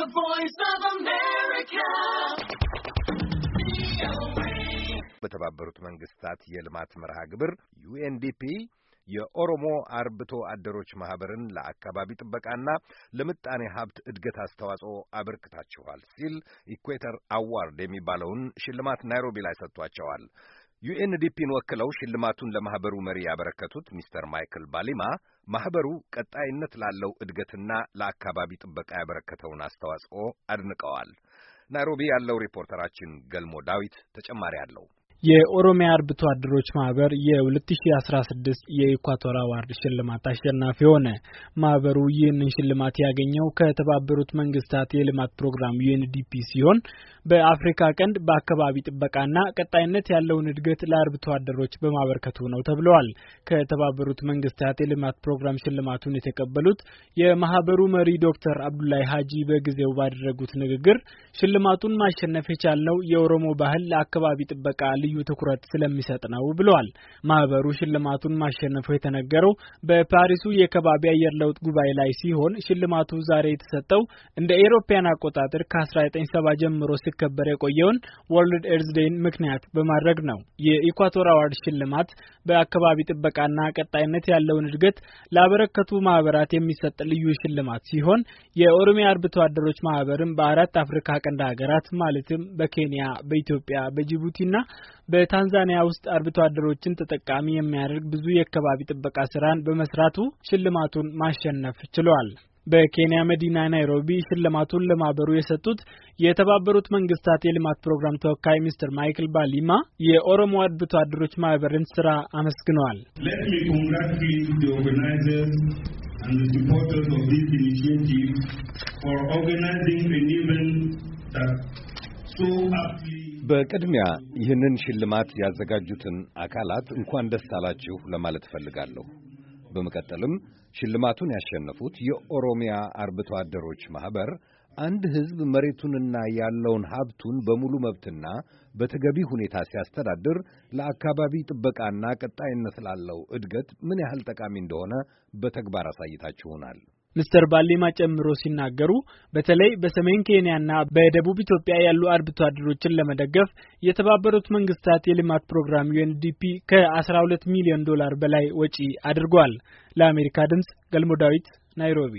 The Voice of America. በተባበሩት መንግስታት የልማት መርሃ ግብር ዩኤንዲፒ የኦሮሞ አርብቶ አደሮች ማህበርን ለአካባቢ ጥበቃና ለምጣኔ ሀብት እድገት አስተዋጽኦ አበርክታችኋል ሲል ኢኩዌተር አዋርድ የሚባለውን ሽልማት ናይሮቢ ላይ ሰጥቷቸዋል። ዩኤንዲፒን ወክለው ሽልማቱን ለማኅበሩ መሪ ያበረከቱት ሚስተር ማይክል ባሊማ ማኅበሩ ቀጣይነት ላለው እድገትና ለአካባቢ ጥበቃ ያበረከተውን አስተዋጽኦ አድንቀዋል። ናይሮቢ ያለው ሪፖርተራችን ገልሞ ዳዊት ተጨማሪ አለው። የኦሮሚያ አርብቶ አደሮች ማህበር የ2016 የኢኳቶር አዋርድ ሽልማት አሸናፊ ሆነ። ማህበሩ ይህንን ሽልማት ያገኘው ከተባበሩት መንግስታት የልማት ፕሮግራም ዩኤንዲፒ ሲሆን በአፍሪካ ቀንድ በአካባቢ ጥበቃና ቀጣይነት ያለውን እድገት ለአርብቶ አደሮች በማበርከቱ ነው ተብለዋል። ከተባበሩት መንግስታት የልማት ፕሮግራም ሽልማቱን የተቀበሉት የማህበሩ መሪ ዶክተር አብዱላይ ሀጂ በጊዜው ባደረጉት ንግግር ሽልማቱን ማሸነፍ የቻልነው የኦሮሞ ባህል ለአካባቢ ጥበቃ ልዩ ትኩረት ስለሚሰጥ ነው ብለዋል። ማህበሩ ሽልማቱን ማሸነፉ የተነገረው በፓሪሱ የከባቢ አየር ለውጥ ጉባኤ ላይ ሲሆን ሽልማቱ ዛሬ የተሰጠው እንደ ኤሮፓያን አቆጣጠር ከ1970 ጀምሮ ሲከበር የቆየውን ወርልድ ኤርዝ ዴይን ምክንያት በማድረግ ነው። የኢኳቶር አዋርድ ሽልማት በአካባቢ ጥበቃና ቀጣይነት ያለውን እድገት ላበረከቱ ማህበራት የሚሰጥ ልዩ ሽልማት ሲሆን የኦሮሚያ አርብቶ አደሮች ማህበርም በአራት አፍሪካ ቀንድ ሀገራት ማለትም በኬንያ፣ በኢትዮጵያ፣ በጅቡቲና በታንዛኒያ ውስጥ አርብቶ አደሮችን ተጠቃሚ የሚያደርግ ብዙ የአካባቢ ጥበቃ ስራን በመስራቱ ሽልማቱን ማሸነፍ ችሏል። በኬንያ መዲና ናይሮቢ ሽልማቱን ለማህበሩ የሰጡት የተባበሩት መንግስታት የልማት ፕሮግራም ተወካይ ሚስተር ማይክል ባሊማ የኦሮሞ አርብቶ አደሮች ማህበርን ስራ አመስግነዋል። በቅድሚያ ይህንን ሽልማት ያዘጋጁትን አካላት እንኳን ደስ አላችሁ ለማለት እፈልጋለሁ። በመቀጠልም ሽልማቱን ያሸነፉት የኦሮሚያ አርብቶ አደሮች ማኅበር አንድ ሕዝብ መሬቱንና ያለውን ሀብቱን በሙሉ መብትና በተገቢ ሁኔታ ሲያስተዳድር ለአካባቢ ጥበቃና ቀጣይነት ላለው እድገት ምን ያህል ጠቃሚ እንደሆነ በተግባር አሳይታችሁናል። ሚስተር ባሌማ ጨምሮ ሲናገሩ በተለይ በሰሜን ኬንያና በደቡብ ኢትዮጵያ ያሉ አርብቶ አደሮችን ለመደገፍ የተባበሩት መንግስታት የልማት ፕሮግራም ዩኤንዲፒ ከ12 ሚሊዮን ዶላር በላይ ወጪ አድርጓል። ለአሜሪካ ድምጽ ገልሞ ዳዊት ናይሮቢ